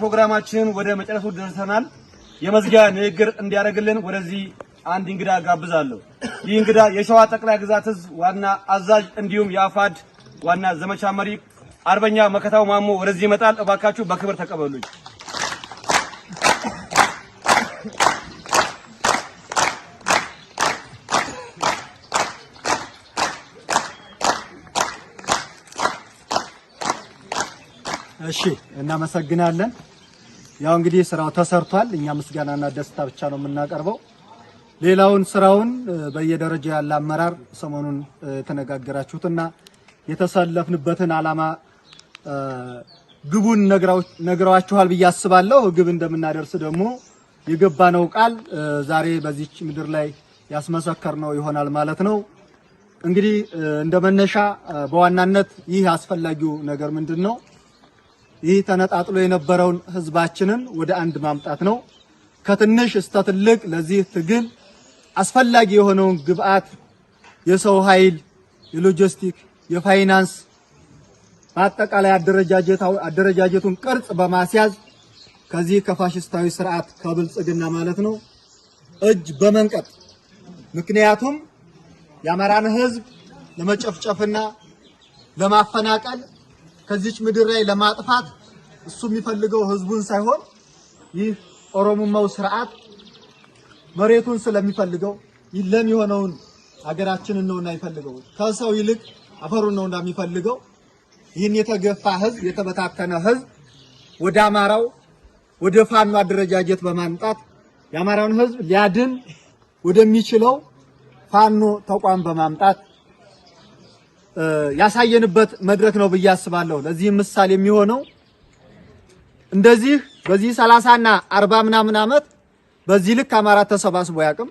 ፕሮግራማችንን ወደ መጨረሱ ደርሰናል። የመዝጊያ ንግግር እንዲያደርግልን ወደዚህ አንድ እንግዳ ጋብዛለሁ። ይህ እንግዳ የሸዋ ጠቅላይ ግዛት ህዝብ ዋና አዛዥ እንዲሁም የአፋድ ዋና ዘመቻ መሪ አርበኛ መከታው ማሞ ወደዚህ ይመጣል። እባካችሁ በክብር ተቀበሉኝ። እሺ፣ እናመሰግናለን። ያው እንግዲህ ስራው ተሰርቷል። እኛ ምስጋናና ደስታ ብቻ ነው የምናቀርበው። ሌላውን ስራውን በየደረጃ ያለ አመራር ሰሞኑን የተነጋገራችሁትና የተሰለፍንበትን አላማ ግቡን ነግረዋችኋል ብዬ አስባለሁ። ግብ እንደምናደርስ ደግሞ የገባነው ቃል ዛሬ በዚች ምድር ላይ ያስመሰከርነው ይሆናል ማለት ነው። እንግዲህ እንደ መነሻ በዋናነት ይህ አስፈላጊው ነገር ምንድን ነው? ይህ ተነጣጥሎ የነበረውን ህዝባችንን ወደ አንድ ማምጣት ነው። ከትንሽ እስተ ትልቅ ለዚህ ትግል አስፈላጊ የሆነውን ግብአት የሰው ኃይል፣ የሎጂስቲክ፣ የፋይናንስ በአጠቃላይ አደረጃጀቱን ቅርጽ በማስያዝ ከዚህ ከፋሽስታዊ ስርዓት ከብልጽግና ማለት ነው እጅ በመንቀጥ ምክንያቱም የአማራን ህዝብ ለመጨፍጨፍና ለማፈናቀል ከዚች ምድር ላይ ለማጥፋት እሱ የሚፈልገው ህዝቡን ሳይሆን ይህ ኦሮሞማው ስርዓት መሬቱን ስለሚፈልገው ይለም የሆነውን ሀገራችንን ነው እና ይፈልገው ከሰው ይልቅ አፈሩን ነው እንደሚፈልገው ይህን የተገፋ ህዝብ የተበታተነ ህዝብ ወደ አማራው ወደ ፋኖ አደረጃጀት በማምጣት የአማራውን ህዝብ ሊያድን ወደሚችለው ፋኖ ተቋም በማምጣት ያሳየንበት መድረክ ነው ብዬ አስባለሁ። ለዚህ ምሳሌ የሚሆነው እንደዚህ በዚህ ሰላሳና አርባ ምናምን ዓመት በዚህ ልክ አማራ ተሰባስቦ ያቅም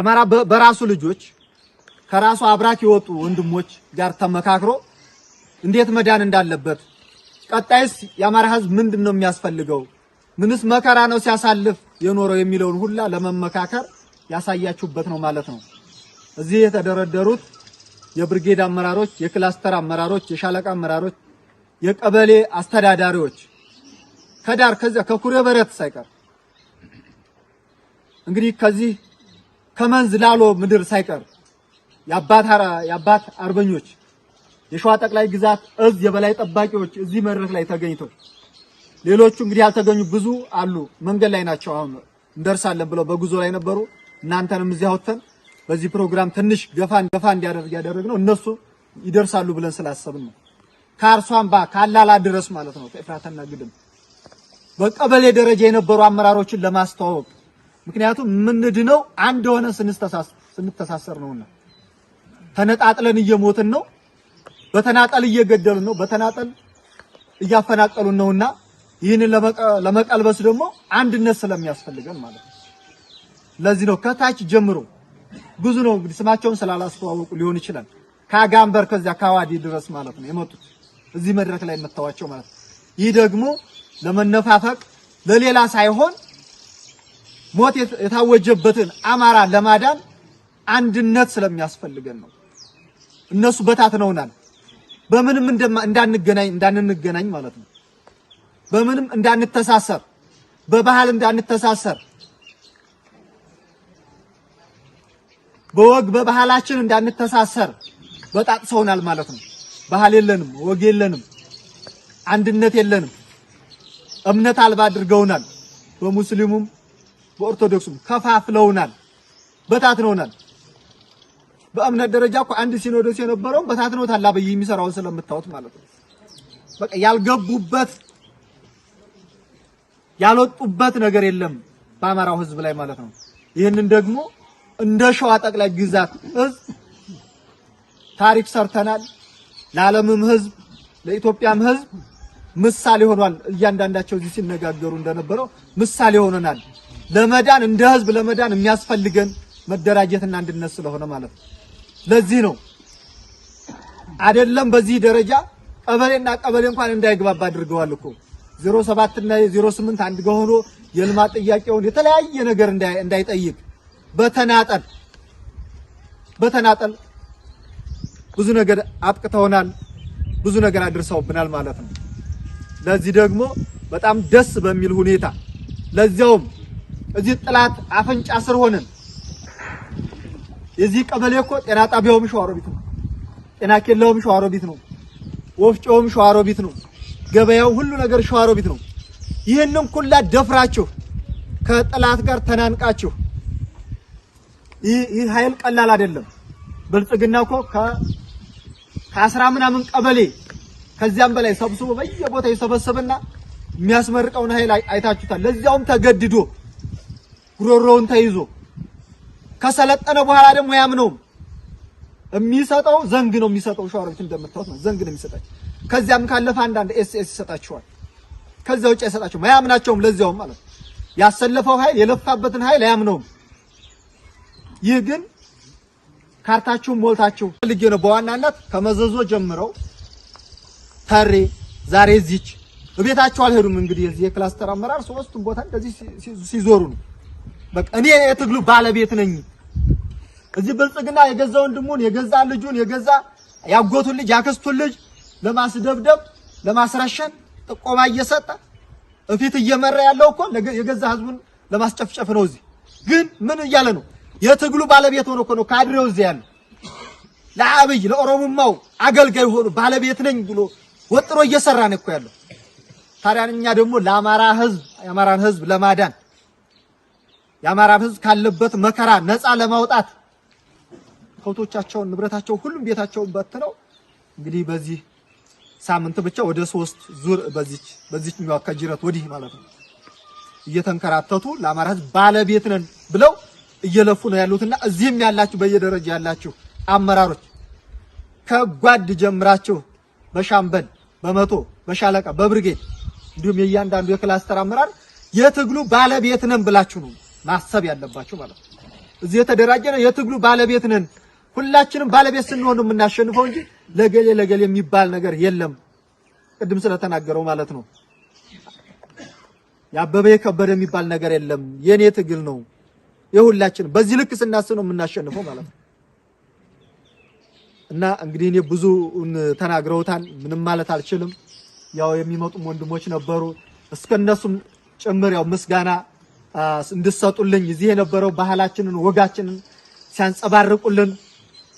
አማራ በራሱ ልጆች ከራሱ አብራክ የወጡ ወንድሞች ጋር ተመካክሮ እንዴት መዳን እንዳለበት ቀጣይስ የአማራ ሕዝብ ምንድን ነው የሚያስፈልገው ምንስ መከራ ነው ሲያሳልፍ የኖረው የሚለውን ሁላ ለመመካከር ያሳያችሁበት ነው ማለት ነው። እዚህ የተደረደሩት የብርጌድ አመራሮች፣ የክላስተር አመራሮች፣ የሻለቃ አመራሮች፣ የቀበሌ አስተዳዳሪዎች ከዳር ከዚያ ከኩሬ በረት ሳይቀር እንግዲህ ከዚህ ከመንዝ ላሎ ምድር ሳይቀር የአባት አርበኞች የሸዋ ጠቅላይ ግዛት እዝ የበላይ ጠባቂዎች እዚህ መድረክ ላይ ተገኝተው ሌሎቹ እንግዲህ ያልተገኙ ብዙ አሉ። መንገድ ላይ ናቸው። አሁን እንደርሳለን ብለው በጉዞ ላይ ነበሩ። እናንተንም እዚህ አውጥተን በዚህ ፕሮግራም ትንሽ ገፋን ገፋ እንዲያደርግ ያደረግነው እነሱ ይደርሳሉ ብለን ስላሰብን ነው። ባ ካላላ ድረስ ማለት ነው ከኤፍራታና ግድም በቀበሌ ደረጃ የነበሩ አመራሮችን ለማስተዋወቅ ምክንያቱም የምንድነው አንድ ሆነ ስንተሳሰር ነውና፣ ተነጣጥለን እየሞትን ነው፣ በተናጠል እየገደሉን ነው፣ በተናጠል እያፈናቀሉን ነውና ይህንን ለመቀልበስ ደግሞ አንድነት ስለሚያስፈልገን ማለት ነው። ለዚህ ነው ከታች ጀምሮ ብዙ ነው እንግዲህ ስማቸውን ስላላስተዋወቁ ሊሆን ይችላል። ከአጋንበር ከዚያ ከአዋዲ ድረስ ማለት ነው የመጡት እዚህ መድረክ ላይ የምታዋቸው ማለት ነው። ይህ ደግሞ ለመነፋፈቅ ለሌላ ሳይሆን ሞት የታወጀበትን አማራ ለማዳን አንድነት ስለሚያስፈልገን ነው። እነሱ በታትነውናል። በምንም እንዳንገናኝ እንዳንገናኝ ማለት ነው። በምንም እንዳንተሳሰር፣ በባህል እንዳንተሳሰር በወግ በባህላችን እንዳንተሳሰር በጣጥሰውናል ማለት ነው። ባህል የለንም፣ ወግ የለንም፣ አንድነት የለንም። እምነት አልባ አድርገውናል። በሙስሊሙም በኦርቶዶክሱም ከፋፍለውናል፣ በታትነውናል። በእምነት ደረጃ እኮ አንድ ሲኖዶስ የነበረውን በታትነውታል። አብይ የሚሰራውን ስለምታወት ማለት ነው። በቃ ያልገቡበት ያልወጡበት ነገር የለም በአማራው ህዝብ ላይ ማለት ነው። ይህንን ደግሞ እንደ ሸዋ ጠቅላይ ግዛት ህዝብ ታሪክ ሰርተናል። ለዓለምም ህዝብ ለኢትዮጵያም ህዝብ ምሳሌ ሆኗል። እያንዳንዳቸው እዚህ ሲነጋገሩ እንደነበረው ምሳሌ ሆነናል። ለመዳን እንደ ህዝብ ለመዳን የሚያስፈልገን መደራጀትና አንድነት ስለሆነ ማለት ነው። ለዚህ ነው አይደለም በዚህ ደረጃ ቀበሌና ቀበሌ እንኳን እንዳይግባባ አድርገዋል እኮ 07 እና 08 አንድ ሆኖ የልማት ጥያቄውን የተለያየ ነገር እንዳይጠይቅ በተናጠል በተናጠል ብዙ ነገር አጥቅተውናል፣ ብዙ ነገር አድርሰውብናል ማለት ነው። ለዚህ ደግሞ በጣም ደስ በሚል ሁኔታ ለዚያውም እዚህ ጥላት አፍንጫ ስር ሆነን የዚህ ቀበሌ እኮ ጤና ጣቢያውም ሸዋሮቢት ነው፣ ጤና ኬላውም ሸዋሮቢት ነው፣ ወፍጮውም ሸዋሮቢት ነው፣ ገበያው ሁሉ ነገር ሸዋሮቢት ነው። ይህንን ኩላ ደፍራችሁ ከጥላት ጋር ተናንቃችሁ ይህ ኃይል ቀላል አይደለም። ብልጽግና እኮ ከአስራ ምናምን ቀበሌ ከዚያም በላይ ሰብስቦ በየቦታ የሰበሰበና የሚያስመርቀውን ኃይል አይታችሁታል። ለዚያውም ተገድዶ ጉሮሮውን ተይዞ ከሰለጠነ በኋላ ደግሞ ያምነውም የሚሰጠው ዘንግ ነው የሚሰጠው። ሸዋሮች እንደምታዩት ነው ዘንግ ነው የሚሰጣቸው። ከዚያም ካለፈ አንዳንድ ኤስ ይሰጣቸዋል። ከዚያ ውጭ አይሰጣቸውም፣ አያምናቸውም። ለዚያውም ማለት ያሰለፈው ኃይል የለፋበትን ኃይል አያምነውም። ይህ ግን ካርታችሁን ሞልታችሁ ልጌ ነው። በዋናነት ከመዘዞ ጀምረው ተሬ ዛሬ እዚች እቤታቸው አልሄዱም። እንግዲህ እዚህ የክላስተር አመራር ሶስቱም ቦታ እንደዚህ ሲዞሩ ነው። በቃ እኔ የትግሉ ባለቤት ነኝ። እዚህ ብልጽግና የገዛ ወንድሙን የገዛ ልጁን የገዛ ያጎቱን ልጅ ያክስቱን ልጅ ለማስደብደብ ለማስረሸን ጥቆማ እየሰጠ እፊት እየመራ ያለው እኮ የገዛ ህዝቡን ለማስጨፍጨፍ ነው። እዚህ ግን ምን እያለ ነው? የትግሉ ባለቤት ሆኖ እኮ ነው ካድሬው እዚያ ያለው። ለአብይ ለኦሮሞማው አገልጋይ ሆኖ ባለቤት ነኝ ብሎ ወጥሮ እየሰራ ነው እኮ ያለው። ታዲያ እኛ ደግሞ ለአማራ ህዝብ የአማራን ህዝብ ለማዳን የአማራን ህዝብ ካለበት መከራ ነፃ ለማውጣት ከብቶቻቸውን፣ ንብረታቸውን፣ ሁሉም ቤታቸውን በትነው እንግዲህ በዚህ ሳምንት ብቻ ወደ ሶስት ዙር በዚች በዚችኛው ከጅረት ወዲህ ማለት ነው እየተንከራተቱ ለአማራ ህዝብ ባለቤት ነን ብለው እየለፉ ነው ያሉትና እዚህም ያላችሁ በየደረጃ ያላችሁ አመራሮች ከጓድ ጀምራችሁ በሻምበል በመቶ በሻለቃ በብርጌድ እንዲሁም የእያንዳንዱ የክላስተር አመራር የትግሉ ባለቤት ነን ብላችሁ ነው ማሰብ ያለባችሁ ማለት ነው። እዚህ የተደራጀ ነው የትግሉ ባለቤት ነን። ሁላችንም ባለቤት ስንሆን ነው የምናሸንፈው እንጂ ለገሌ ለገሌ የሚባል ነገር የለም። ቅድም ስለተናገረው ማለት ነው። ያበበ የከበደ የሚባል ነገር የለም። የኔ ትግል ነው። የሁላችን በዚህ ልክ ስናስብ ነው የምናሸንፈው ማለት ነው። እና እንግዲህ እኔ ብዙ ተናግረውታን ምንም ማለት አልችልም። ያው የሚመጡም ወንድሞች ነበሩ እስከነሱም ጭምር ያው ምስጋና እንድሰጡልኝ እዚህ የነበረው ባህላችንን ወጋችንን ሲያንጸባርቁልን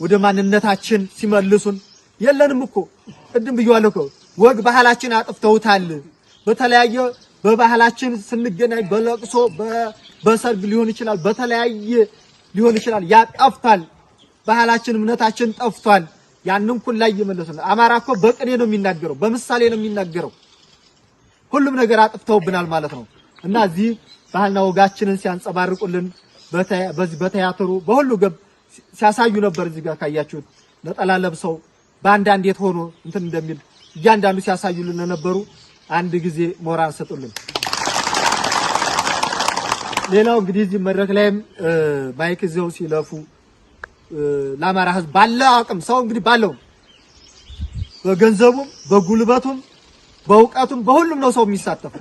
ወደ ማንነታችን ሲመልሱን የለንም እኮ ቅድም ብያለሁ እኮ ወግ ባህላችን አጥፍተውታል በተለያየ በባህላችን ስንገናኝ በለቅሶ በሰርግ ሊሆን ይችላል፣ በተለያየ ሊሆን ይችላል። ያ ጠፍቷል። ባህላችን እምነታችን ጠፍቷል። ያንን ላይ እየመለሱ ነው። አማራ እኮ በቅኔ ነው የሚናገረው፣ በምሳሌ ነው የሚናገረው። ሁሉም ነገር አጥፍተውብናል ማለት ነው እና እዚህ ባህልና ወጋችንን ሲያንጸባርቁልን በዚህ በቲያትሩ በሁሉ ገብ ሲያሳዩ ነበር። እዚህ ጋር ካያችሁት ነጠላ ለብሰው በአንድ አንድ የት ሆኖ እንትን እንደሚል እያንዳንዱ ሲያሳዩልን ነበሩ። አንድ ጊዜ ሞራል ሰጡልን። ሌላው እንግዲህ እዚህ መድረክ ላይም ማይክ ይዘው ሲለፉ ለአማራ ህዝብ ባለው አቅም ሰው እንግዲህ ባለው በገንዘቡም በጉልበቱም በእውቀቱም በሁሉም ነው ሰው የሚሳተፉ።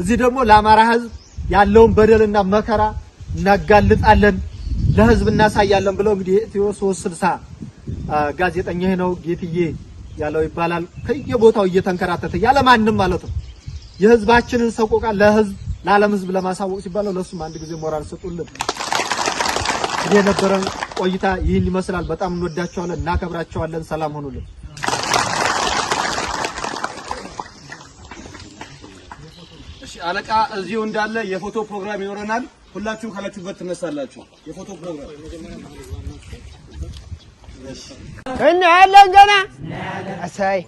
እዚህ ደግሞ ለአማራ ህዝብ ያለውን በደልና መከራ እናጋልጣለን፣ ለህዝብ እናሳያለን ብለው እንግዲህ ኢትዮ 360 ጋዜጠኛ ነው ጌትዬ ያለው ይባላል። ከየቦታው እየተንከራተተ ያለ ማንም ማለት ነው የህዝባችንን ሰቆቃ ለህዝብ ለዓለም ህዝብ ለማሳወቅ ሲባለው ለሱም አንድ ጊዜ ሞራል ሰጡልን። እኔ የነበረን ቆይታ ይህን ይመስላል። በጣም እንወዳቸዋለን፣ እናከብራቸዋለን። ሰላም ሆኑልን። እሺ አለቃ እዚሁ እንዳለ የፎቶ ፕሮግራም ይኖረናል። ሁላችሁም ካላችሁበት ትነሳላችሁ። የፎቶ ፕሮግራም እናያለን ገና እሰይ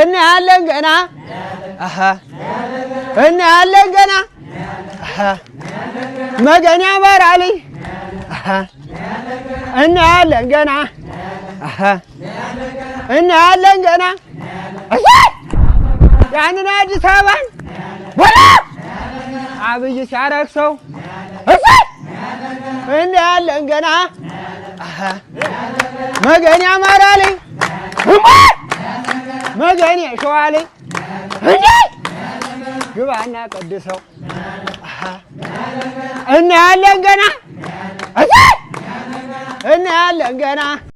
እናያለን ገና አሀ እናያለን ገና መገን ያበራልኝ አሀ እናያለን ገና እናያለን ገና እሰይ ያንን አዲስ አበባን ወላ አብይ ሲያረግሰው እሰይ እናያለን ገና መገኔ አማራ ላይ መገኔ ሸዋ ላይ እንዴ ግባና ቀድሰው እናያለን ገና እናያለን ገና